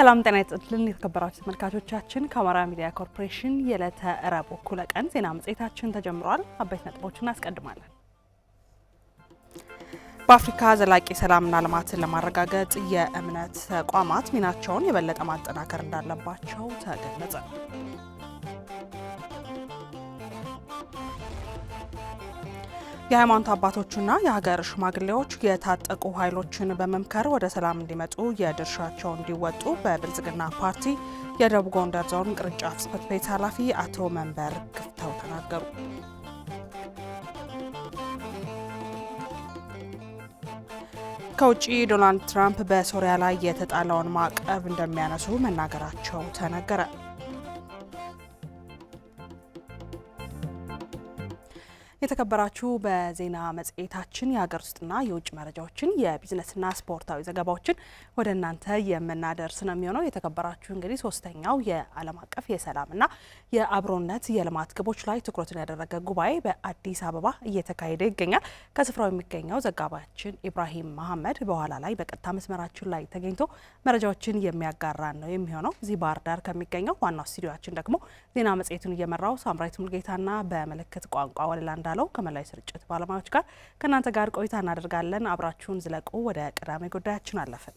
ሰላም ጤና ይስጥልን የተከበራችሁ ተመልካቾቻችን፣ ከአማራ ሚዲያ ኮርፖሬሽን የዕለተ ረቡዕ እኩለ ቀን ዜና መጽሔታችን ተጀምሯል። አበይት ነጥቦችን እናስቀድማለን። በአፍሪካ ዘላቂ ሰላምና ልማትን ለማረጋገጥ የእምነት ተቋማት ሚናቸውን የበለጠ ማጠናከር እንዳለባቸው ተገለጸ። የሃይማኖት አባቶችና የሀገር ሽማግሌዎች የታጠቁ ኃይሎችን በመምከር ወደ ሰላም እንዲመጡ የድርሻቸው እንዲወጡ በብልጽግና ፓርቲ የደቡብ ጎንደር ዞን ቅርንጫፍ ጽሕፈት ቤት ኃላፊ አቶ መንበር ክፍተው ተናገሩ። ከውጭ ዶናልድ ትራምፕ በሶሪያ ላይ የተጣለውን ማዕቀብ እንደሚያነሱ መናገራቸው ተነገረ። የተከበራችሁ በዜና መጽሔታችን የሀገር ውስጥና የውጭ መረጃዎችን የቢዝነስና ስፖርታዊ ዘገባዎችን ወደ እናንተ የምናደርስ ነው የሚሆነው። የተከበራችሁ እንግዲህ ሶስተኛው የዓለም አቀፍ የሰላምና የአብሮነት የልማት ግቦች ላይ ትኩረቱን ያደረገ ጉባኤ በአዲስ አበባ እየተካሄደ ይገኛል። ከስፍራው የሚገኘው ዘጋባችን ኢብራሂም መሀመድ በኋላ ላይ በቀጥታ መስመራችን ላይ ተገኝቶ መረጃዎችን የሚያጋራን ነው የሚሆነው። እዚህ ባህር ዳር ከሚገኘው ዋናው ስቱዲዮችን ደግሞ ዜና መጽሔቱን እየመራው ሳምራዊት ሙልጌታና በምልክት ቋንቋ ወለላንዳ እንዳለው ከመላዊ ስርጭት ባለሙያዎች ጋር ከእናንተ ጋር ቆይታ እናደርጋለን። አብራችሁን ዝለቁ። ወደ ቀዳሚ ጉዳያችን አለፍን።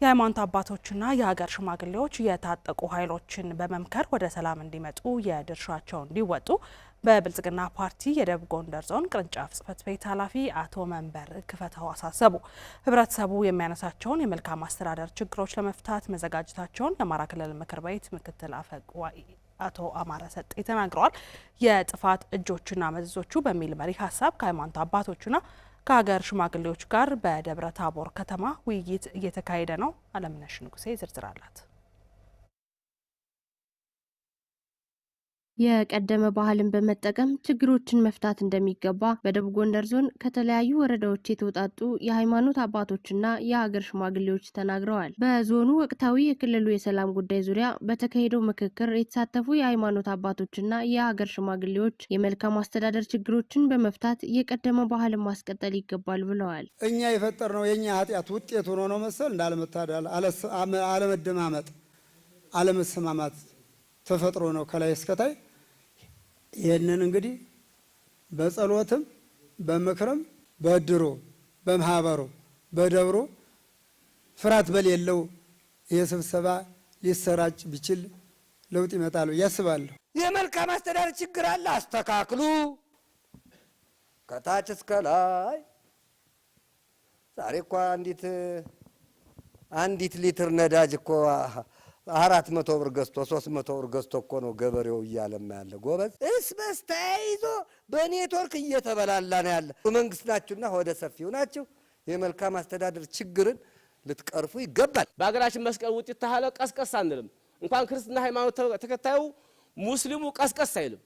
የሃይማኖት አባቶችና የሀገር ሽማግሌዎች የታጠቁ ኃይሎችን በመምከር ወደ ሰላም እንዲመጡ የድርሻቸው እንዲወጡ በብልጽግና ፓርቲ የደቡብ ጎንደር ዞን ቅርንጫፍ ጽሕፈት ቤት ኃላፊ አቶ መንበር ክፈተው አሳሰቡ። ህብረተሰቡ የሚያነሳቸውን የመልካም አስተዳደር ችግሮች ለመፍታት መዘጋጀታቸውን የአማራ ክልል ምክር ቤት ምክትል አፈ ጉባኤ አቶ አማረ ሰጤ ተናግረዋል። የጥፋት እጆችና መዘዞቹ በሚል መሪ ሀሳብ ከሃይማኖት አባቶችና ከሀገር ሽማግሌዎች ጋር በደብረ ታቦር ከተማ ውይይት እየተካሄደ ነው። አለምነሽ ንጉሴ ዝርዝር አላት። የቀደመ ባህልን በመጠቀም ችግሮችን መፍታት እንደሚገባ በደቡብ ጎንደር ዞን ከተለያዩ ወረዳዎች የተውጣጡ የሃይማኖት አባቶችና የሀገር ሽማግሌዎች ተናግረዋል። በዞኑ ወቅታዊ የክልሉ የሰላም ጉዳይ ዙሪያ በተካሄደው ምክክር የተሳተፉ የሃይማኖት አባቶችና የሀገር ሽማግሌዎች የመልካም አስተዳደር ችግሮችን በመፍታት የቀደመ ባህልን ማስቀጠል ይገባል ብለዋል። እኛ የፈጠርነው የእኛ ኃጢአት ውጤት ሆኖ ነው መሰል እንዳለመታደል፣ አለመደማመጥ፣ አለመሰማማት ተፈጥሮ ነው ከላይ እስከታይ ይህንን እንግዲህ በጸሎትም በምክርም በድሮ በማህበሩ በደብሮ ፍርሃት በሌለው ይህ ስብሰባ ሊሰራጭ ቢችል ለውጥ ይመጣል ብዬ አስባለሁ። የመልካም አስተዳደር ችግር አለ፣ አስተካክሉ። ከታች እስከ ላይ ዛሬ እኳ አንዲት አንዲት ሊትር ነዳጅ እኮ አራት መቶ ብር ገዝቶ ሶስት መቶ ብር ገዝቶ እኮ ነው ገበሬው እያለማ ያለ ጎበዝ እስ በስ ተያይዞ በኔትወርክ እየተበላላ ነው ያለ። መንግስት ናችሁና ወደ ሰፊው ናችሁ። የመልካም አስተዳደር ችግርን ልትቀርፉ ይገባል። በሀገራችን መስቀል ውጤት ተሃለ ቀስቀስ አንልም። እንኳን ክርስትና ሃይማኖት ተከታዩ ሙስሊሙ ቀስቀስ አይልም።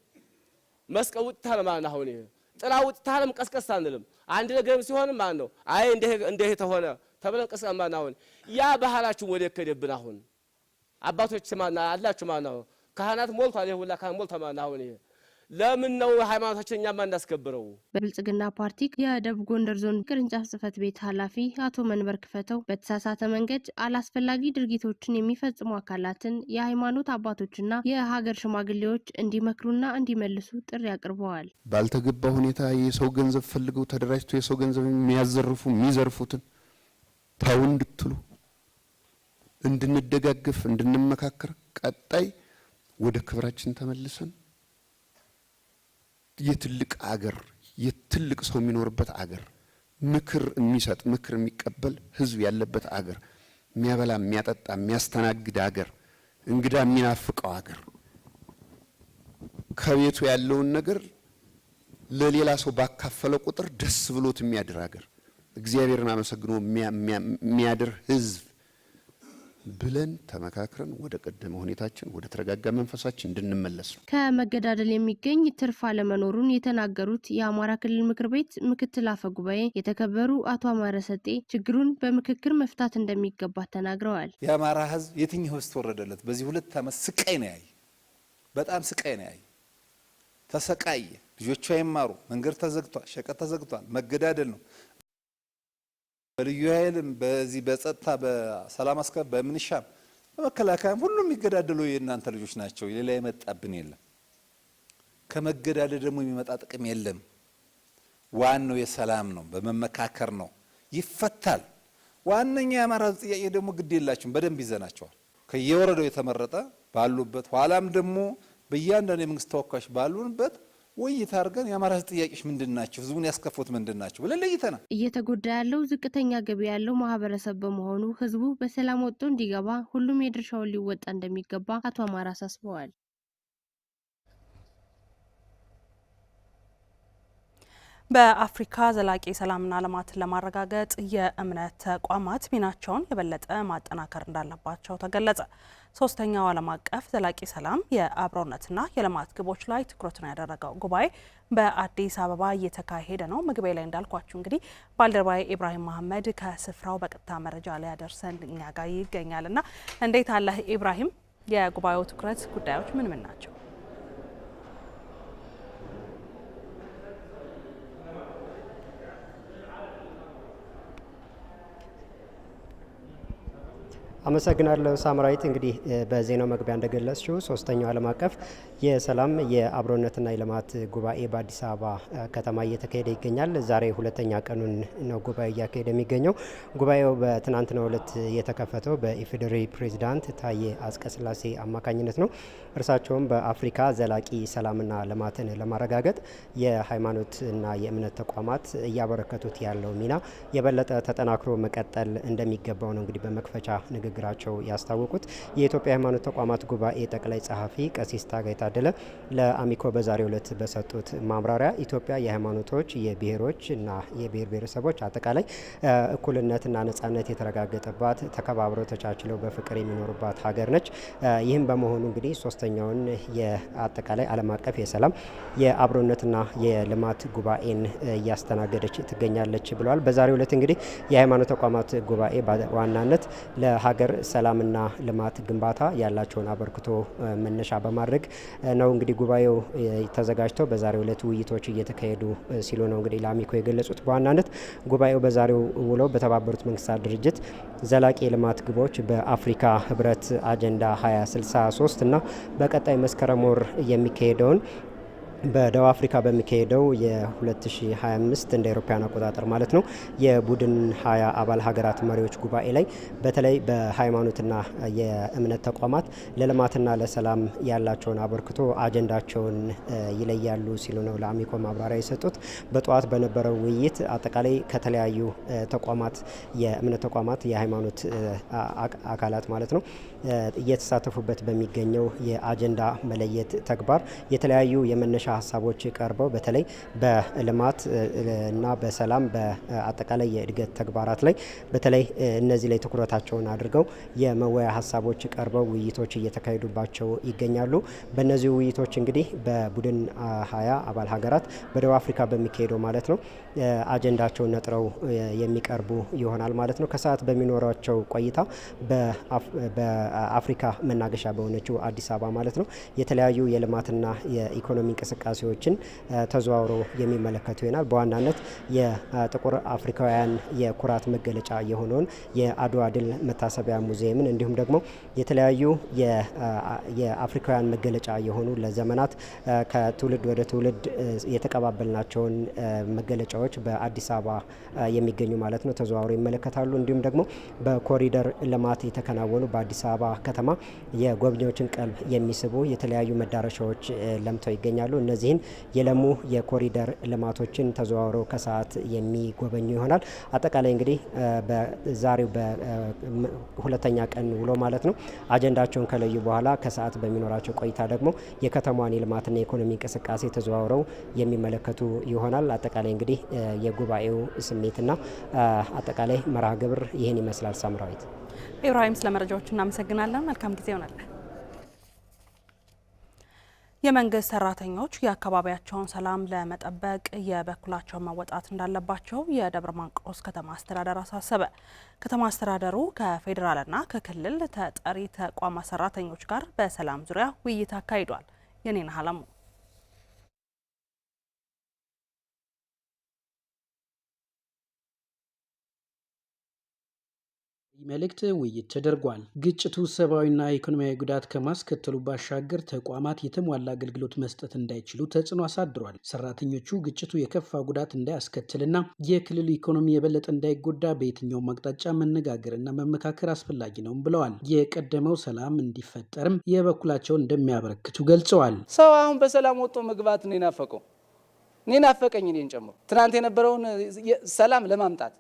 መስቀል ውጤት ተሃለ ማለት ነው። አሁን ይሄ ጥላ ውጤት ተሃለም ቀስቀስ አንልም። አንድ ነገርም ሲሆንም ማለት ነው አይ እንደ ተሆነ ተብለን ቀስቀስ ማለት ነው። አሁን ያ ባህላችን ወደ ከደብን አሁን አባቶች ማና አላችሁ ማናው ካህናት ሞልቷል። ይሄ ሁላ ካህን ሞልቷል ማና አሁን ይሄ ለምን ነው ሃይማኖታችን እኛ ማናስከብረው? በብልጽግና ፓርቲ የደቡብ ጎንደር ዞን ቅርንጫፍ ጽህፈት ቤት ኃላፊ አቶ መንበር ክፈተው በተሳሳተ መንገድ አላስፈላጊ ድርጊቶችን የሚፈጽሙ አካላትን የሃይማኖት አባቶችና የሀገር ሽማግሌዎች እንዲመክሩና እንዲመልሱ ጥሪ አቅርበዋል። ባልተገባ ሁኔታ የሰው ገንዘብ ፈልገው ተደራጅቶ የሰው ገንዘብ የሚያዘርፉ የሚዘርፉትን ተው እንድትሉ እንድንደጋግፍ፣ እንድንመካከር ቀጣይ ወደ ክብራችን ተመልሰን የትልቅ አገር የትልቅ ሰው የሚኖርበት አገር ምክር የሚሰጥ ምክር የሚቀበል ህዝብ ያለበት አገር የሚያበላ የሚያጠጣ የሚያስተናግድ አገር እንግዳ የሚናፍቀው አገር ከቤቱ ያለውን ነገር ለሌላ ሰው ባካፈለ ቁጥር ደስ ብሎት የሚያድር አገር እግዚአብሔርን አመሰግኖ የሚያድር ህዝብ። ብለን ተመካክረን ወደ ቀደመ ሁኔታችን ወደ ተረጋጋ መንፈሳችን እንድንመለስ ነው። ከመገዳደል የሚገኝ ትርፍ አለመኖሩን የተናገሩት የአማራ ክልል ምክር ቤት ምክትል አፈ ጉባኤ የተከበሩ አቶ አማረ ሰጤ ችግሩን በምክክር መፍታት እንደሚገባ ተናግረዋል። የአማራ ሕዝብ የትኛው ውስጥ ወረደለት? በዚህ ሁለት ዓመት ስቃይ ነው ያየ። በጣም ስቃይ ነው ያየ። ተሰቃየ። ልጆቿ ይማሩ፣ መንገድ ተዘግቷል፣ ሸቀጥ ተዘግቷል፣ መገዳደል ነው። በልዩ ኃይልም በዚህ በጸጥታ በሰላም አስከ በምንሻም በመከላከያም ሁሉም የሚገዳደሉ የእናንተ ልጆች ናቸው። ሌላ የመጣብን የለም። ከመገዳደል ደግሞ የሚመጣ ጥቅም የለም። ዋናው የሰላም ነው፣ በመመካከር ነው፣ ይፈታል። ዋነኛ የአማራ ጥያቄ ደግሞ ግድ የላችሁም፣ በደንብ ይዘናቸዋል። ከየወረዳው የተመረጠ ባሉበት ኋላም ደግሞ በእያንዳንዱ የመንግስት ተወካዮች ባሉንበት ውይይት አድርገን የአማራ ሕዝብ ጥያቄዎች ምንድን ናቸው፣ ህዝቡን ያስከፉት ምንድን ናቸው ብለን ለይተናል። እየተጎዳ ያለው ዝቅተኛ ገቢ ያለው ማህበረሰብ በመሆኑ ህዝቡ በሰላም ወጥቶ እንዲገባ ሁሉም የድርሻውን ሊወጣ እንደሚገባ አቶ አማራ አሳስበዋል። በአፍሪካ ዘላቂ ሰላምና ልማትን ለማረጋገጥ የእምነት ተቋማት ሚናቸውን የበለጠ ማጠናከር እንዳለባቸው ተገለጸ። ሶስተኛው ዓለም አቀፍ ዘላቂ ሰላም የአብሮነትና የልማት ግቦች ላይ ትኩረቱን ያደረገው ጉባኤ በአዲስ አበባ እየተካሄደ ነው። መግቢያ ላይ እንዳልኳችሁ እንግዲህ ባልደረባዬ ኢብራሂም መሀመድ ከስፍራው በቀጥታ መረጃ ላይ ያደርሰን እኛ ጋር ይገኛል። ና እንዴት አለህ ኢብራሂም? የጉባኤው ትኩረት ጉዳዮች ምን ምን ናቸው? አመሰግናለሁ ሳምራዊት። እንግዲህ በዜናው መግቢያ እንደገለጽችው ሶስተኛው ዓለም አቀፍ የሰላም የአብሮነትና የልማት ጉባኤ በአዲስ አበባ ከተማ እየተካሄደ ይገኛል። ዛሬ ሁለተኛ ቀኑን ነው ጉባኤ እያካሄደ የሚገኘው። ጉባኤው በትናንትናው ዕለት የተከፈተው በኢፌዴሪ ፕሬዚዳንት ታዬ አጽቀሥላሴ አማካኝነት ነው። እርሳቸውም በአፍሪካ ዘላቂ ሰላምና ልማትን ለማረጋገጥ የሃይማኖትና የእምነት ተቋማት እያበረከቱት ያለው ሚና የበለጠ ተጠናክሮ መቀጠል እንደሚገባው ነው እንግዲህ በመክፈቻ ንግግራቸው ያስታወቁት። የኢትዮጵያ ሃይማኖት ተቋማት ጉባኤ ጠቅላይ ጸሐፊ ቀሲስ ታጋይታ ታደለ ለአሚኮ በዛሬው ዕለት በሰጡት ማብራሪያ ኢትዮጵያ የሃይማኖቶች የብሔሮች እና የብሔር ብሔረሰቦች አጠቃላይ እኩልነትና ነጻነት የተረጋገጠባት ተከባብረው ተቻችለው በፍቅር የሚኖሩባት ሀገር ነች። ይህም በመሆኑ እንግዲህ ሶስተኛውን የአጠቃላይ ዓለም አቀፍ የሰላም የአብሮነትና የልማት ጉባኤን እያስተናገደች ትገኛለች ብለዋል። በዛሬው ዕለት እንግዲህ የሃይማኖት ተቋማት ጉባኤ በዋናነት ለሀገር ሰላምና ልማት ግንባታ ያላቸውን አበርክቶ መነሻ በማድረግ ነው እንግዲህ ጉባኤው ተዘጋጅተው በዛሬው ዕለት ውይይቶች እየተካሄዱ ሲሉ ነው እንግዲህ ለአሚኮ የገለጹት። በዋናነት ጉባኤው በዛሬው ውሎ በተባበሩት መንግስታት ድርጅት ዘላቂ የልማት ግቦች በአፍሪካ ህብረት አጀንዳ 2063 እና በቀጣይ መስከረም ወር የሚካሄደውን በደቡብ አፍሪካ በሚካሄደው የ2025 እንደ ኤሮፓያን አቆጣጠር ማለት ነው የቡድን ሀያ አባል ሀገራት መሪዎች ጉባኤ ላይ በተለይ በሃይማኖትና የእምነት ተቋማት ለልማትና ለሰላም ያላቸውን አበርክቶ አጀንዳቸውን ይለያሉ ሲሉ ነው ለአሚኮ ማብራሪያ የሰጡት። በጠዋት በነበረው ውይይት አጠቃላይ ከተለያዩ ተቋማት የእምነት ተቋማት የሃይማኖት አካላት ማለት ነው እየተሳተፉበት በሚገኘው የአጀንዳ መለየት ተግባር የተለያዩ የመነሻ ሀሳቦች ቀርበው በተለይ በልማት እና በሰላም በአጠቃላይ የእድገት ተግባራት ላይ በተለይ እነዚህ ላይ ትኩረታቸውን አድርገው የመወያ ሀሳቦች ቀርበው ውይይቶች እየተካሄዱባቸው ይገኛሉ። በእነዚህ ውይይቶች እንግዲህ በቡድን ሀያ አባል ሀገራት በደቡብ አፍሪካ በሚካሄደው ማለት ነው አጀንዳቸውን ነጥረው የሚቀርቡ ይሆናል ማለት ነው። ከሰዓት በሚኖራቸው ቆይታ በአፍሪካ መናገሻ በሆነችው አዲስ አበባ ማለት ነው የተለያዩ የልማትና የኢኮኖሚ እንቅስቃሴዎችን ተዘዋውሮ የሚመለከቱ ይሆናል። በዋናነት የጥቁር አፍሪካውያን የኩራት መገለጫ የሆነውን የአድዋ ድል መታሰቢያ ሙዚየምን እንዲሁም ደግሞ የተለያዩ የአፍሪካውያን መገለጫ የሆኑ ለዘመናት ከትውልድ ወደ ትውልድ የተቀባበልናቸውን መገለጫ ስራዎች በአዲስ አበባ የሚገኙ ማለት ነው ተዘዋውሮ ይመለከታሉ። እንዲሁም ደግሞ በኮሪደር ልማት የተከናወኑ በአዲስ አበባ ከተማ የጎብኚዎችን ቀልብ የሚስቡ የተለያዩ መዳረሻዎች ለምተው ይገኛሉ። እነዚህን የለሙ የኮሪደር ልማቶችን ተዘዋውረው ከሰዓት የሚጎበኙ ይሆናል። አጠቃላይ እንግዲህ በዛሬው በሁለተኛ ቀን ውሎ ማለት ነው አጀንዳቸውን ከለዩ በኋላ ከሰዓት በሚኖራቸው ቆይታ ደግሞ የከተማዋን የልማትና የኢኮኖሚ እንቅስቃሴ ተዘዋውረው የሚመለከቱ ይሆናል። አጠቃላይ እንግዲህ የጉባኤው ስሜትና አጠቃላይ መርሃ ግብር ይህን ይመስላል። ሳምራዊት ኢብራሂም፣ ስለ መረጃዎቹ እናመሰግናለን። መልካም ጊዜ ይሆናለን። የመንግስት ሰራተኞች የአካባቢያቸውን ሰላም ለመጠበቅ የበኩላቸውን መወጣት እንዳለባቸው የደብረ ማርቆስ ከተማ አስተዳደር አሳሰበ። ከተማ አስተዳደሩ ከፌዴራልና ከክልል ተጠሪ ተቋማት ሰራተኞች ጋር በሰላም ዙሪያ ውይይት አካሂዷል። የኔና ሀላሙ መልእክት ውይይት ተደርጓል። ግጭቱ ሰብአዊና ኢኮኖሚያዊ ጉዳት ከማስከተሉ ባሻገር ተቋማት የተሟላ አገልግሎት መስጠት እንዳይችሉ ተጽዕኖ አሳድሯል። ሰራተኞቹ ግጭቱ የከፋ ጉዳት እንዳያስከትልና የክልሉ ኢኮኖሚ የበለጠ እንዳይጎዳ በየትኛውም አቅጣጫ መነጋገርና መመካከር አስፈላጊ ነውም ብለዋል። የቀደመው ሰላም እንዲፈጠርም የበኩላቸውን እንደሚያበረክቱ ገልጸዋል። ሰው አሁን በሰላም ወጥቶ መግባት ነው የናፈቀው። እኔ ናፈቀኝ፣ እኔን ጨምሮ ትናንት የነበረውን ሰላም ለማምጣት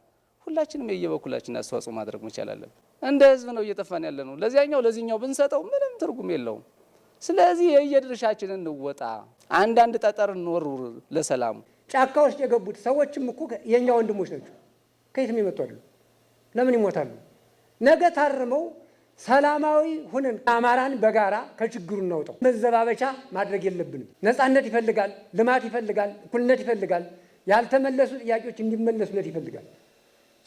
ሁላችንም የየበኩላችን አስተዋጽኦ ማድረግ መቻል አለብን። እንደ ህዝብ ነው እየጠፋን ያለ ነው። ለዚያኛው ለዚህኛው ብንሰጠው ምንም ትርጉም የለውም። ስለዚህ የየድርሻችን እንወጣ። አንዳንድ ጠጠር እንወርውር ለሰላሙ። ጫካ ውስጥ የገቡት ሰዎችም እኮ የእኛ ወንድሞች ናቸው። ከየትም የመጡ ለምን ይሞታሉ? ነገ ታርመው ሰላማዊ ሁነን አማራን በጋራ ከችግሩ እናውጣው። መዘባበቻ ማድረግ የለብንም። ነፃነት ይፈልጋል፣ ልማት ይፈልጋል፣ እኩልነት ይፈልጋል፣ ያልተመለሱ ጥያቄዎች እንዲመለሱለት ይፈልጋል።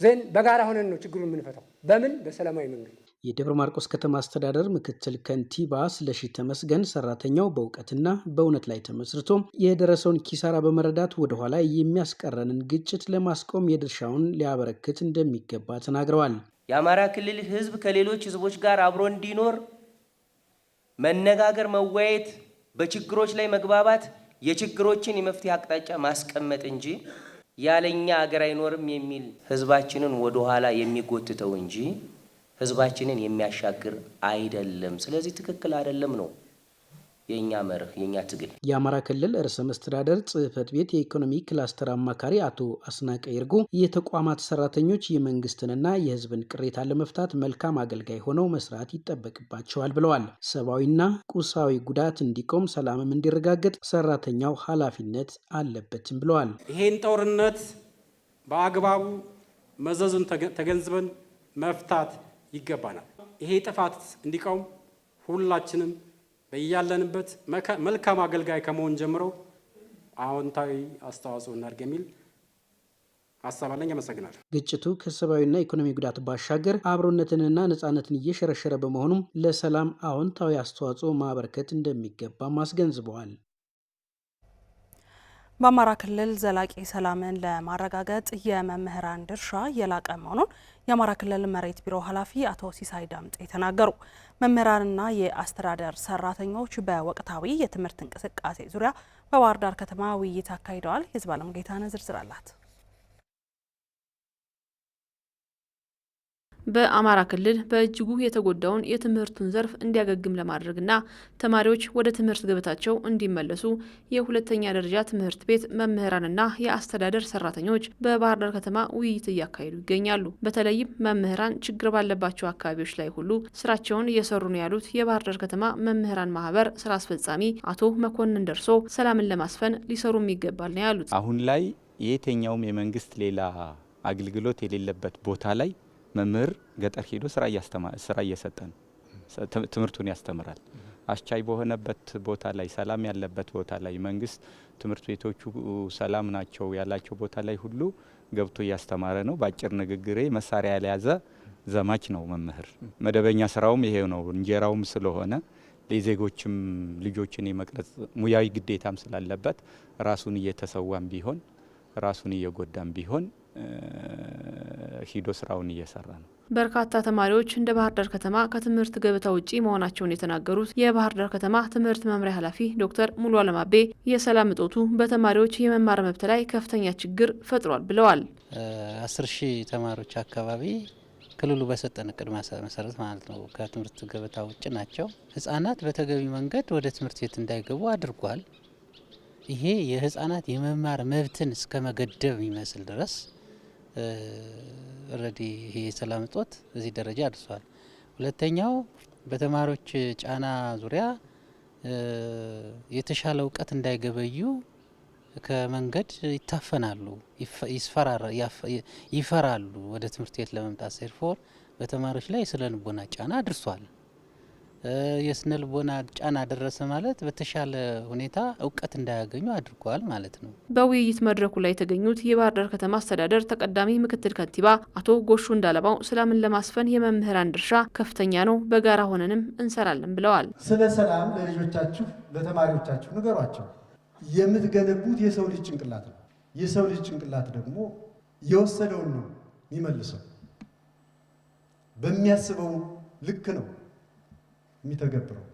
ዘን በጋራ ሆነን ነው ችግሩን የምንፈታው። በምን በሰላማዊ መንገድ። የደብረ ማርቆስ ከተማ አስተዳደር ምክትል ከንቲባ ስለሺ ተመስገን ሰራተኛው በእውቀትና በእውነት ላይ ተመስርቶ የደረሰውን ኪሳራ በመረዳት ወደኋላ የሚያስቀረንን ግጭት ለማስቆም የድርሻውን ሊያበረክት እንደሚገባ ተናግረዋል። የአማራ ክልል ሕዝብ ከሌሎች ሕዝቦች ጋር አብሮ እንዲኖር መነጋገር፣ መወያየት፣ በችግሮች ላይ መግባባት፣ የችግሮችን የመፍትሄ አቅጣጫ ማስቀመጥ እንጂ ያለኛ አገር አይኖርም የሚል ህዝባችንን ወደኋላ የሚጎትተው እንጂ ህዝባችንን የሚያሻግር አይደለም። ስለዚህ ትክክል አይደለም ነው። የእኛ መርህ የእኛ ትግል። የአማራ ክልል ርዕሰ መስተዳደር ጽህፈት ቤት የኢኮኖሚ ክላስተር አማካሪ አቶ አስናቀ ይርጉ የተቋማት ሰራተኞች የመንግስትንና የህዝብን ቅሬታ ለመፍታት መልካም አገልጋይ ሆነው መስራት ይጠበቅባቸዋል ብለዋል። ሰብአዊና ቁሳዊ ጉዳት እንዲቆም፣ ሰላምም እንዲረጋገጥ ሰራተኛው ኃላፊነት አለበትም ብለዋል። ይህን ጦርነት በአግባቡ መዘዙን ተገንዝበን መፍታት ይገባናል። ይሄ ጥፋት እንዲቆም ሁላችንም በያለንበት መልካም አገልጋይ ከመሆን ጀምሮ አዎንታዊ አስተዋጽኦ እናድርግ የሚል ሀሳብ አለኝ። አመሰግናለሁ። ግጭቱ ከሰብአዊና ኢኮኖሚ ጉዳት ባሻገር አብሮነትንና ነጻነትን እየሸረሸረ በመሆኑም ለሰላም አዎንታዊ አስተዋጽኦ ማበረከት እንደሚገባም አስገንዝበዋል። በአማራ ክልል ዘላቂ ሰላምን ለማረጋገጥ የመምህራን ድርሻ የላቀ መሆኑን የአማራ ክልል መሬት ቢሮ ኃላፊ አቶ ሲሳይ ዳምጤ ተናገሩ። መምህራንና የአስተዳደር ሰራተኞች በወቅታዊ የትምህርት እንቅስቃሴ ዙሪያ በባህር ዳር ከተማ ውይይት አካሂደዋል። የህዝብ አለም ዝርዝር አላት። በአማራ ክልል በእጅጉ የተጎዳውን የትምህርቱን ዘርፍ እንዲያገግም ለማድረግና ተማሪዎች ወደ ትምህርት ገበታቸው እንዲመለሱ የሁለተኛ ደረጃ ትምህርት ቤት መምህራንና የአስተዳደር ሰራተኞች በባህር ዳር ከተማ ውይይት እያካሄዱ ይገኛሉ። በተለይም መምህራን ችግር ባለባቸው አካባቢዎች ላይ ሁሉ ስራቸውን እየሰሩ ነው ያሉት የባህር ዳር ከተማ መምህራን ማህበር ስራ አስፈጻሚ አቶ መኮንን ደርሶ ሰላምን ለማስፈን ሊሰሩም ይገባል ነው ያሉት። አሁን ላይ የትኛውም የመንግስት ሌላ አገልግሎት የሌለበት ቦታ ላይ መምህር ገጠር ሄዶ ስራ እየሰጠ ነው፣ ትምህርቱን ያስተምራል። አስቻይ በሆነበት ቦታ ላይ ሰላም ያለበት ቦታ ላይ መንግስት ትምህርት ቤቶቹ ሰላም ናቸው ያላቸው ቦታ ላይ ሁሉ ገብቶ እያስተማረ ነው። በአጭር ንግግሬ መሳሪያ ያልያዘ ዘማች ነው መምህር። መደበኛ ስራውም ይሄው ነው እንጀራውም ስለሆነ ለዜጎችም ልጆችን የመቅረጽ ሙያዊ ግዴታም ስላለበት ራሱን እየተሰዋም ቢሆን ራሱን እየጎዳም ቢሆን ሂዶ ስራውን እየሰራ ነው። በርካታ ተማሪዎች እንደ ባህር ዳር ከተማ ከትምህርት ገበታ ውጪ መሆናቸውን የተናገሩት የባህር ዳር ከተማ ትምህርት መምሪያ ኃላፊ ዶክተር ሙሉ አለማቤ የሰላም እጦቱ በተማሪዎች የመማር መብት ላይ ከፍተኛ ችግር ፈጥሯል ብለዋል። አስር ሺህ ተማሪዎች አካባቢ ክልሉ በሰጠን እቅድ መሰረት ማለት ነው ከትምህርት ገበታ ውጭ ናቸው። ህጻናት በተገቢ መንገድ ወደ ትምህርት ቤት እንዳይገቡ አድርጓል። ይሄ የህጻናት የመማር መብትን እስከ መገደብ የሚመስል ድረስ ረዲ ይሄ የሰላም እጦት እዚህ ደረጃ አድርሷል። ሁለተኛው በተማሪዎች ጫና ዙሪያ የተሻለ እውቀት እንዳይገበዩ ከመንገድ ይታፈናሉ፣ ይፈራሉ ወደ ትምህርት ቤት ለመምጣት ሴርፎር በተማሪዎች ላይ ስነ ልቦና ጫና አድርሷል። ልቦና ጫና ደረሰ ማለት በተሻለ ሁኔታ እውቀት እንዳያገኙ አድርጓል ማለት ነው። በውይይት መድረኩ ላይ የተገኙት የባህር ዳር ከተማ አስተዳደር ተቀዳሚ ምክትል ከንቲባ አቶ ጎሹ እንዳለማው ሰላምን ለማስፈን የመምህራን ድርሻ ከፍተኛ ነው፣ በጋራ ሆነንም እንሰራለን ብለዋል። ስለ ሰላም ለልጆቻችሁ ለተማሪዎቻችሁ ንገሯቸው። የምትገነቡት የሰው ልጅ ጭንቅላት ነው። የሰው ልጅ ጭንቅላት ደግሞ የወሰደውን ነው የሚመልሰው፣ በሚያስበው ልክ ነው የሚተገብረው።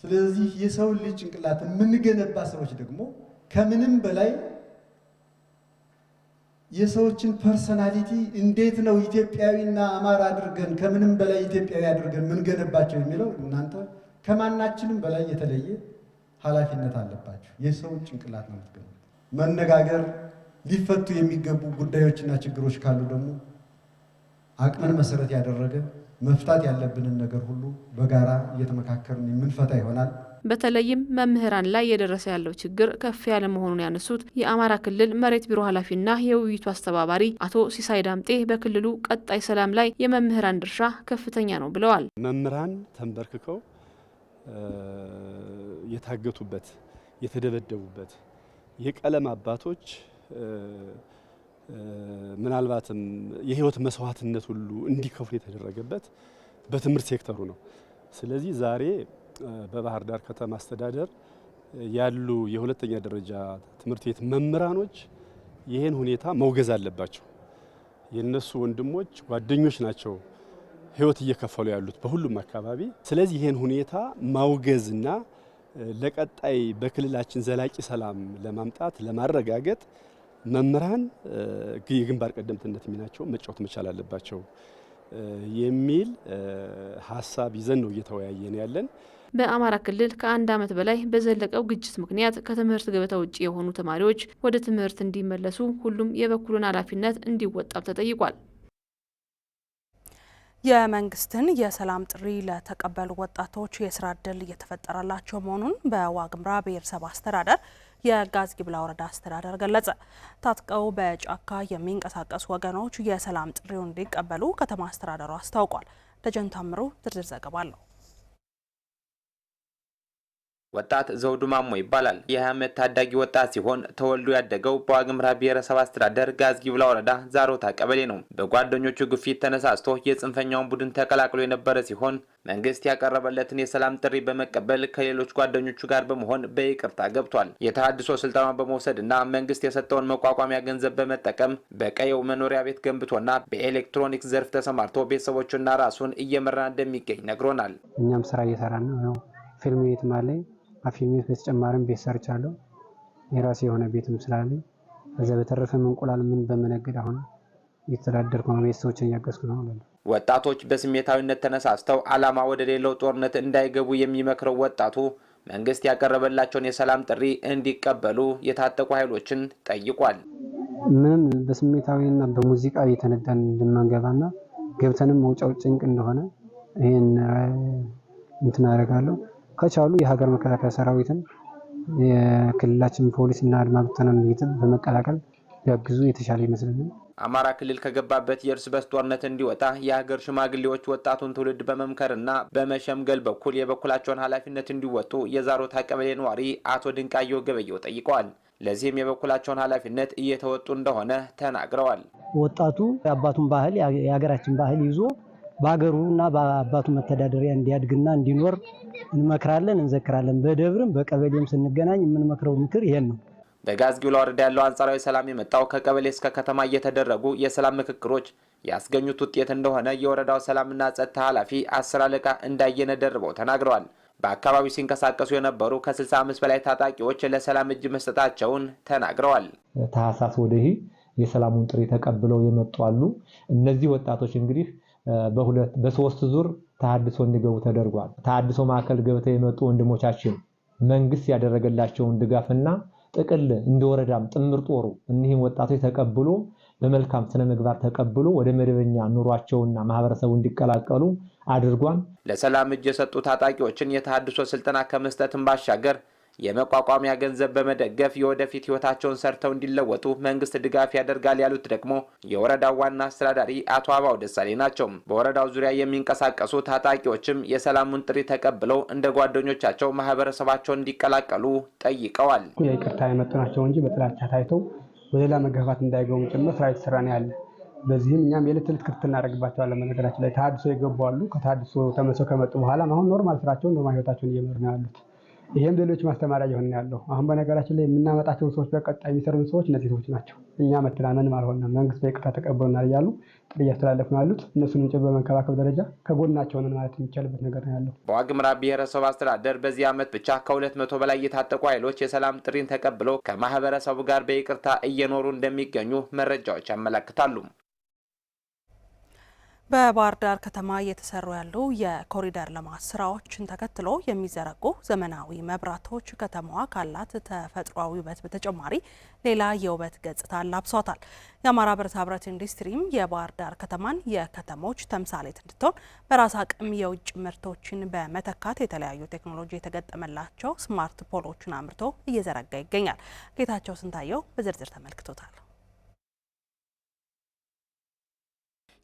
ስለዚህ የሰው ልጅ ጭንቅላት የምንገነባ ሰዎች ደግሞ ከምንም በላይ የሰዎችን ፐርሰናሊቲ እንዴት ነው ኢትዮጵያዊና አማራ አድርገን ከምንም በላይ ኢትዮጵያዊ አድርገን ምንገነባቸው የሚለው እናንተ ከማናችንም በላይ የተለየ ኃላፊነት አለባችሁ። የሰው ጭንቅላት ነው የምትገ መነጋገር ሊፈቱ የሚገቡ ጉዳዮችና ችግሮች ካሉ ደግሞ አቅምን መሰረት ያደረገ መፍታት ያለብንን ነገር ሁሉ በጋራ እየተመካከርን የምንፈታ ይሆናል። በተለይም መምህራን ላይ የደረሰ ያለው ችግር ከፍ ያለ መሆኑን ያነሱት የአማራ ክልል መሬት ቢሮ ኃላፊና የውይይቱ አስተባባሪ አቶ ሲሳይ ዳምጤ በክልሉ ቀጣይ ሰላም ላይ የመምህራን ድርሻ ከፍተኛ ነው ብለዋል። መምህራን ተንበርክከው የታገቱበት፣ የተደበደቡበት የቀለም አባቶች ምናልባትም የህይወት መስዋዕትነት ሁሉ እንዲከፍሉ የተደረገበት በትምህርት ሴክተሩ ነው። ስለዚህ ዛሬ በባህር ዳር ከተማ አስተዳደር ያሉ የሁለተኛ ደረጃ ትምህርት ቤት መምህራኖች ይህን ሁኔታ መውገዝ አለባቸው። የእነሱ ወንድሞች ጓደኞች ናቸው ህይወት እየከፈሉ ያሉት በሁሉም አካባቢ። ስለዚህ ይህን ሁኔታ ማውገዝና ለቀጣይ በክልላችን ዘላቂ ሰላም ለማምጣት ለማረጋገጥ መምህራን የግንባር ቀደምትነት ሚናቸው መጫወት መቻል አለባቸው የሚል ሀሳብ ይዘን ነው እየተወያየን ያለን። በአማራ ክልል ከአንድ ዓመት በላይ በዘለቀው ግጭት ምክንያት ከትምህርት ገበታ ውጭ የሆኑ ተማሪዎች ወደ ትምህርት እንዲመለሱ ሁሉም የበኩሉን ኃላፊነት እንዲወጣም ተጠይቋል። የመንግስትን የሰላም ጥሪ ለተቀበሉ ወጣቶች የስራ እድል እየተፈጠረላቸው መሆኑን በዋግምራ ብሔረሰብ አስተዳደር የጋዝጊብላ ወረዳ አስተዳደር ገለጸ። ታጥቀው በጫካ የሚንቀሳቀሱ ወገኖች የሰላም ጥሪውን እንዲቀበሉ ከተማ አስተዳደሩ አስታውቋል። ደጀን ታምሮ ዝርዝር ዘገባ አለው። ወጣት ዘውዱ ማሞ ይባላል። የ20 ዓመት ታዳጊ ወጣት ሲሆን ተወልዶ ያደገው በዋግምራ ብሔረሰብ አስተዳደር ጋዝጊብላ ወረዳ ዛሮታ ቀበሌ ነው። በጓደኞቹ ግፊት ተነሳስቶ የጽንፈኛውን ቡድን ተቀላቅሎ የነበረ ሲሆን መንግስት ያቀረበለትን የሰላም ጥሪ በመቀበል ከሌሎች ጓደኞቹ ጋር በመሆን በይቅርታ ገብቷል። የተሃድሶ ስልጠና በመውሰድ መንግስት የሰጠውን መቋቋሚያ ገንዘብ በመጠቀም በቀየው መኖሪያ ቤት ገንብቶና በኤሌክትሮኒክስ ዘርፍ ተሰማርቶ ቤተሰቦቹና ራሱን እየመራ እንደሚገኝ ነግሮናል። እኛም ስራ እየሰራ ነው። ፊልም ቤት አለኝ አፊልሜት በተጨማሪም ቤት ሰርቻለሁ። የራሴ የሆነ ቤትም ስላለኝ ከዚያ በተረፈም እንቁላል ምን በመነገድ አሁን እየተዳደርኩ ነው። ቤተሰቦችን እያገዝኩ ነው። ወጣቶች በስሜታዊነት ተነሳስተው ዓላማ ወደ ሌለው ጦርነት እንዳይገቡ የሚመክረው ወጣቱ መንግስት ያቀረበላቸውን የሰላም ጥሪ እንዲቀበሉ የታጠቁ ኃይሎችን ጠይቋል። ምንም በስሜታዊና በሙዚቃ እየተነዳን እንድንገባና ገብተንም መውጫው ጭንቅ እንደሆነ ይህን እንትን አደርጋለሁ። ከቻሉ የሀገር መከላከያ ሰራዊትን የክልላችን ፖሊስ እና አድማ ብተናን በመቀላቀል ያግዙ የተሻለ ይመስለኛል። አማራ ክልል ከገባበት የእርስ በርስ ጦርነት እንዲወጣ የሀገር ሽማግሌዎች ወጣቱን ትውልድ በመምከርና በመሸምገል በኩል የበኩላቸውን ኃላፊነት እንዲወጡ የዛሮታ ቀበሌ ነዋሪ አቶ ድንቃየሁ ገበየው ጠይቀዋል። ለዚህም የበኩላቸውን ኃላፊነት እየተወጡ እንደሆነ ተናግረዋል። ወጣቱ የአባቱን ባህል የሀገራችን ባህል ይዞ እና በአባቱ መተዳደሪያ እንዲያድግና እንዲኖር እንመክራለን፣ እንዘክራለን። በደብርም በቀበሌም ስንገናኝ የምንመክረው ምክር ይሄን ነው። በጋዝጊላ ወረዳ ያለው አንጻራዊ ሰላም የመጣው ከቀበሌ እስከ ከተማ እየተደረጉ የሰላም ምክክሮች ያስገኙት ውጤት እንደሆነ የወረዳው ሰላምና ጸጥታ ኃላፊ አስር አለቃ እንዳየነ ደርበው ተናግረዋል። በአካባቢው ሲንቀሳቀሱ የነበሩ ከ65 በላይ ታጣቂዎች ለሰላም እጅ መስጠታቸውን ተናግረዋል። ታህሳስ ይህ የሰላሙን ጥሪ ተቀብለው የመጡ አሉ። እነዚህ ወጣቶች እንግዲህ በሁለት በሶስት ዙር ተሐድሶ እንዲገቡ ተደርጓል። ተሐድሶ ማዕከል ገብተው የመጡ ወንድሞቻችን መንግስት ያደረገላቸውን ድጋፍና ጥቅል እንደወረዳም ጥምር ጦሩ እኒህም ወጣቶች ተቀብሎ በመልካም ስነ ምግባር ተቀብሎ ወደ መደበኛ ኑሯቸውና ማህበረሰቡ እንዲቀላቀሉ አድርጓል። ለሰላም እጅ የሰጡ ታጣቂዎችን የተሐድሶ ስልጠና ከመስጠትም ባሻገር የመቋቋሚያ ገንዘብ በመደገፍ የወደፊት ህይወታቸውን ሰርተው እንዲለወጡ መንግስት ድጋፍ ያደርጋል ያሉት ደግሞ የወረዳው ዋና አስተዳዳሪ አቶ አባው ደሳሌ ናቸው። በወረዳው ዙሪያ የሚንቀሳቀሱ ታጣቂዎችም የሰላሙን ጥሪ ተቀብለው እንደ ጓደኞቻቸው ማህበረሰባቸውን እንዲቀላቀሉ ጠይቀዋል። ይቅርታ የመጡ ናቸው እንጂ በጥላቻ ታይተው ወደ ሌላ መገፋት እንዳይገቡ ጭምር ስራ የተሰራ ነው ያለ። በዚህም እኛም የዕለት ዕለት ክፍት እናደርግባቸዋለን። በነገራችን ላይ ተሀድሶ የገቡ አሉ። ከተሀድሶ ተመልሰው ከመጡ በኋላ አሁን ኖርማል ስራቸውን ኖርማል ህይወታቸውን እየመሩ ነው ያሉት። ይህም ሌሎች ማስተማሪያ እየሆነ ያለው አሁን በነገራችን ላይ የምናመጣቸውን ሰዎች በቀጣይ የሚሰሩን ሰዎች እነዚህ ሰዎች ናቸው። እኛ መተማመንም አልሆነም መንግስት በይቅርታ ተቀብሎናል እያሉ ጥሪ እያስተላለፉ ነው ያሉት። እነሱን ውጭ በመንከባከብ ደረጃ ከጎናቸው ነን ማለት የሚቻልበት ነገር ነው ያለው። በዋግምራ ብሔረሰብ አስተዳደር በዚህ ዓመት ብቻ ከሁለት መቶ በላይ የታጠቁ ኃይሎች የሰላም ጥሪን ተቀብለው ከማህበረሰቡ ጋር በይቅርታ እየኖሩ እንደሚገኙ መረጃዎች ያመለክታሉ። በባህር ዳር ከተማ እየተሰሩ ያሉ የኮሪደር ልማት ስራዎችን ተከትሎ የሚዘረጉ ዘመናዊ መብራቶች ከተማዋ ካላት ተፈጥሯዊ ውበት በተጨማሪ ሌላ የውበት ገጽታ ላብሷታል። የአማራ ብረታ ብረት ኢንዱስትሪም የባህር ዳር ከተማን የከተሞች ተምሳሌት እንድትሆን በራስ አቅም የውጭ ምርቶችን በመተካት የተለያዩ ቴክኖሎጂ የተገጠመላቸው ስማርት ፖሎችን አምርቶ እየዘረጋ ይገኛል። ጌታቸው ስንታየው በዝርዝር ተመልክቶታል።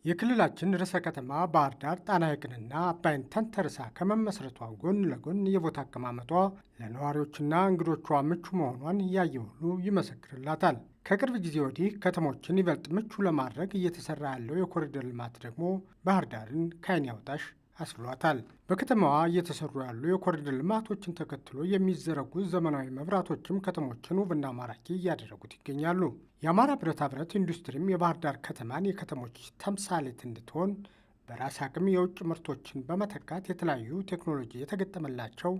የክልላችን ርዕሰ ከተማ ባህር ዳር ጣና ሐይቅንና አባይን ተንተርሳ ከመመስረቷ ጎን ለጎን የቦታ አቀማመጧ ለነዋሪዎችና እንግዶቿ ምቹ መሆኗን እያየ ሁሉ ይመሰክርላታል። ከቅርብ ጊዜ ወዲህ ከተሞችን ይበልጥ ምቹ ለማድረግ እየተሰራ ያለው የኮሪደር ልማት ደግሞ ባህር ዳርን ከዓይን ያውጣሽ አስሏታል። በከተማዋ እየተሰሩ ያሉ የኮሪደር ልማቶችን ተከትሎ የሚዘረጉ ዘመናዊ መብራቶችም ከተሞችን ውብና ማራኪ እያደረጉት ይገኛሉ። የአማራ ብረታ ብረት ኢንዱስትሪም የባህር ዳር ከተማን የከተሞች ተምሳሌት እንድትሆን በራስ አቅም የውጭ ምርቶችን በመተካት የተለያዩ ቴክኖሎጂ የተገጠመላቸው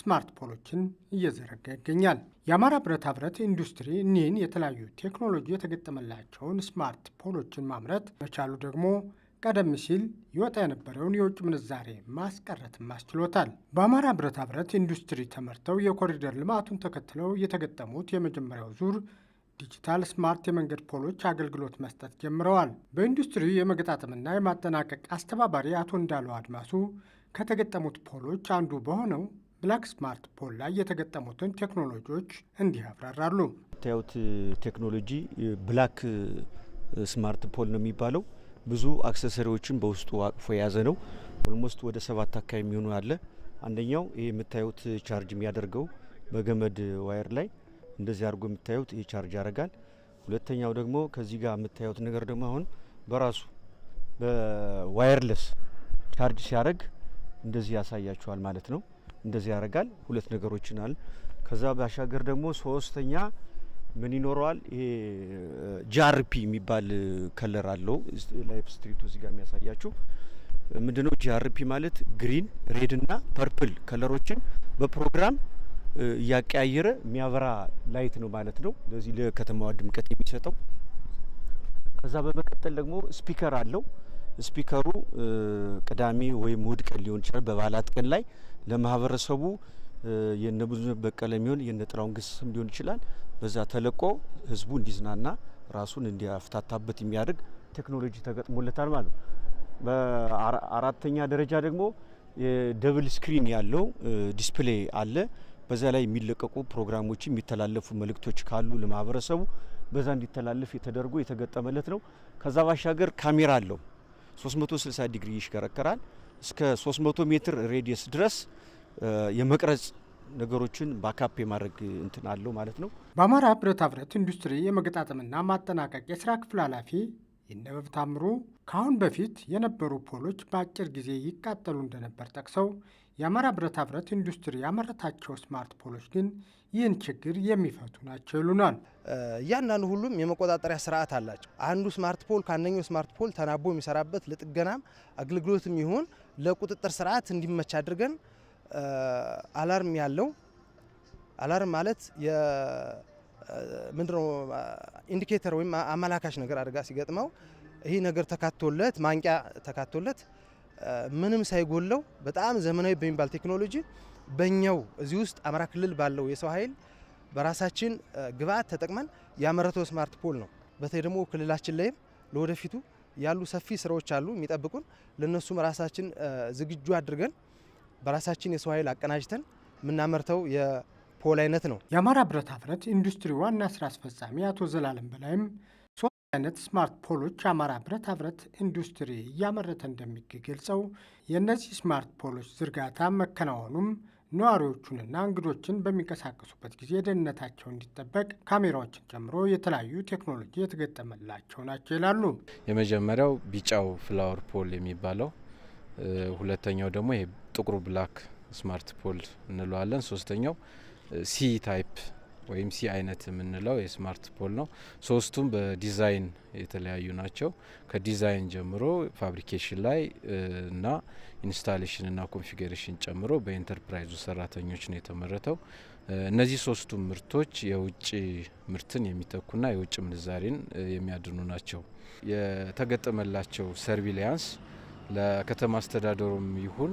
ስማርት ፖሎችን እየዘረጋ ይገኛል። የአማራ ብረታ ብረት ኢንዱስትሪ እኒህን የተለያዩ ቴክኖሎጂ የተገጠመላቸውን ስማርት ፖሎችን ማምረት መቻሉ ደግሞ ቀደም ሲል ይወጣ የነበረውን የውጭ ምንዛሬ ማስቀረትም አስችሎታል። በአማራ ብረታ ብረት ኢንዱስትሪ ተመርተው የኮሪደር ልማቱን ተከትለው የተገጠሙት የመጀመሪያው ዙር ዲጂታል ስማርት የመንገድ ፖሎች አገልግሎት መስጠት ጀምረዋል። በኢንዱስትሪ የመገጣጠምና የማጠናቀቅ አስተባባሪ አቶ እንዳለው አድማሱ ከተገጠሙት ፖሎች አንዱ በሆነው ብላክ ስማርት ፖል ላይ የተገጠሙትን ቴክኖሎጂዎች እንዲህ ያብራራሉ። ታዩት ቴክኖሎጂ ብላክ ስማርት ፖል ነው የሚባለው ብዙ አክሰሰሪዎችን በውስጡ አቅፎ የያዘ ነው። ኦልሞስት ወደ ሰባት አካባቢ የሚሆኑ አለ። አንደኛው ይህ የምታዩት ቻርጅ የሚያደርገው በገመድ ዋየር ላይ እንደዚህ አድርጎ የምታዩት ይህ ቻርጅ ያደርጋል። ሁለተኛው ደግሞ ከዚህ ጋር የምታዩት ነገር ደግሞ አሁን በራሱ በዋየርለስ ቻርጅ ሲያደርግ እንደዚህ ያሳያችኋል ማለት ነው። እንደዚህ ያደርጋል። ሁለት ነገሮችን አለ። ከዛ ባሻገር ደግሞ ሶስተኛ ምን ይኖረዋል? ይሄ ጂአርፒ የሚባል ከለር አለው። ላይፍ ስትሪቱ እዚህ ጋር የሚያሳያችሁ ምንድነው? ጂአርፒ ማለት ግሪን፣ ሬድ እና ፐርፕል ከለሮችን በፕሮግራም እያቀያየረ የሚያበራ ላይት ነው ማለት ነው። ለዚህ ለከተማዋ ድምቀት የሚሰጠው ከዛ በመቀጠል ደግሞ ስፒከር አለው። ስፒከሩ ቅዳሜ ወይም እሁድ ቀን ሊሆን ይችላል በበዓላት ቀን ላይ ለማህበረሰቡ የነ ብዙ በቀለ የሚሆን የነ ግስም ሊሆን ይችላል። በዛ ተለቆ ህዝቡ እንዲዝናና ራሱን እንዲያፍታታበት የሚያደርግ ቴክኖሎጂ ተገጥሞለታል ማለት ነው። በአራተኛ ደረጃ ደግሞ የደብል ስክሪን ያለው ዲስፕሌይ አለ። በዛ ላይ የሚለቀቁ ፕሮግራሞች፣ የሚተላለፉ መልእክቶች ካሉ ለማህበረሰቡ በዛ እንዲተላለፍ ተደርጎ የተገጠመለት ነው። ከዛ ባሻገር ካሜራ አለው 360 ዲግሪ ይሽከረከራል። እስከ 300 ሜትር ሬዲየስ ድረስ የመቅረጽ ነገሮችን ባካፕ የማድረግ እንትን አለው ማለት ነው። በአማራ ብረታ ብረት ኢንዱስትሪ የመገጣጠምና ማጠናቀቅ የስራ ክፍል ኃላፊ ይነበብ ታምሩ ከአሁን በፊት የነበሩ ፖሎች በአጭር ጊዜ ይቃጠሉ እንደነበር ጠቅሰው የአማራ ብረታ ብረት ኢንዱስትሪ ያመረታቸው ስማርት ፖሎች ግን ይህን ችግር የሚፈቱ ናቸው ይሉናል። እያንዳንዱ ሁሉም የመቆጣጠሪያ ስርዓት አላቸው። አንዱ ስማርት ፖል ከአንደኛው ስማርት ፖል ተናቦ የሚሰራበት ለጥገናም አገልግሎትም ይሁን ለቁጥጥር ስርዓት እንዲመች አድርገን አላርም ያለው አላርም ማለት ምንድነው ኢንዲኬተር ወይም አመላካሽ ነገር አደጋ ሲገጥመው ይህ ነገር ተካቶለት ማንቂያ ተካቶለት ምንም ሳይጎለው በጣም ዘመናዊ በሚባል ቴክኖሎጂ በኛው እዚህ ውስጥ አማራ ክልል ባለው የሰው ኃይል በራሳችን ግብአት ተጠቅመን ያመረተው ስማርት ፖል ነው። በተለይ ደግሞ ክልላችን ላይም ለወደፊቱ ያሉ ሰፊ ስራዎች አሉ የሚጠብቁን። ለነሱም ራሳችን ዝግጁ አድርገን በራሳችን የሰው ኃይል አቀናጅተን የምናመርተው የፖል አይነት ነው። የአማራ ብረታ ብረት ኢንዱስትሪ ዋና ስራ አስፈጻሚ አቶ ዘላለም በላይም ሶስት አይነት ስማርት ፖሎች አማራ ብረታ ብረት ኢንዱስትሪ እያመረተ እንደሚገኝ ገልጸው የእነዚህ ስማርት ፖሎች ዝርጋታ መከናወኑም ነዋሪዎቹንና እንግዶችን በሚንቀሳቀሱበት ጊዜ ደህንነታቸው እንዲጠበቅ ካሜራዎችን ጨምሮ የተለያዩ ቴክኖሎጂ የተገጠመላቸው ናቸው ይላሉ። የመጀመሪያው ቢጫው ፍላወር ፖል የሚባለው ሁለተኛው ደግሞ ጥቁሩ ብላክ ስማርት ፖል እንለዋለን። ሶስተኛው ሲ ታይፕ ወይም ሲ አይነት የምንለው የስማርት ፖል ነው። ሶስቱም በዲዛይን የተለያዩ ናቸው። ከዲዛይን ጀምሮ ፋብሪኬሽን ላይ እና ኢንስታሌሽንና ኮንፊገሬሽን ጨምሮ በኤንተርፕራይዙ ሰራተኞች ነው የተመረተው። እነዚህ ሶስቱ ምርቶች የውጭ ምርትን የሚተኩና የውጭ ምንዛሬን የሚያድኑ ናቸው። የተገጠመላቸው ሰርቪሊያንስ ለከተማ አስተዳደሩም ይሁን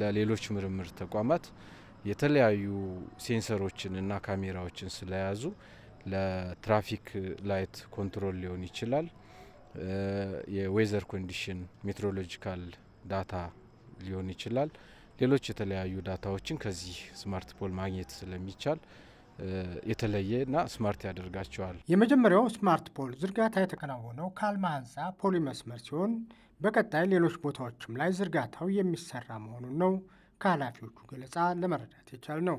ለሌሎች ምርምር ተቋማት የተለያዩ ሴንሰሮችን እና ካሜራዎችን ስለያዙ ለትራፊክ ላይት ኮንትሮል ሊሆን ይችላል፣ የዌዘር ኮንዲሽን ሜትሮሎጂካል ዳታ ሊሆን ይችላል። ሌሎች የተለያዩ ዳታዎችን ከዚህ ስማርት ፖል ማግኘት ስለሚቻል የተለየና ስማርት ያደርጋቸዋል። የመጀመሪያው ስማርት ፖል ዝርጋታ የተከናወነው ከአልማ ህንፃ ፖሊ መስመር ሲሆን በቀጣይ ሌሎች ቦታዎችም ላይ ዝርጋታው የሚሰራ መሆኑን ነው ከኃላፊዎቹ ገለጻ ለመረዳት ነው።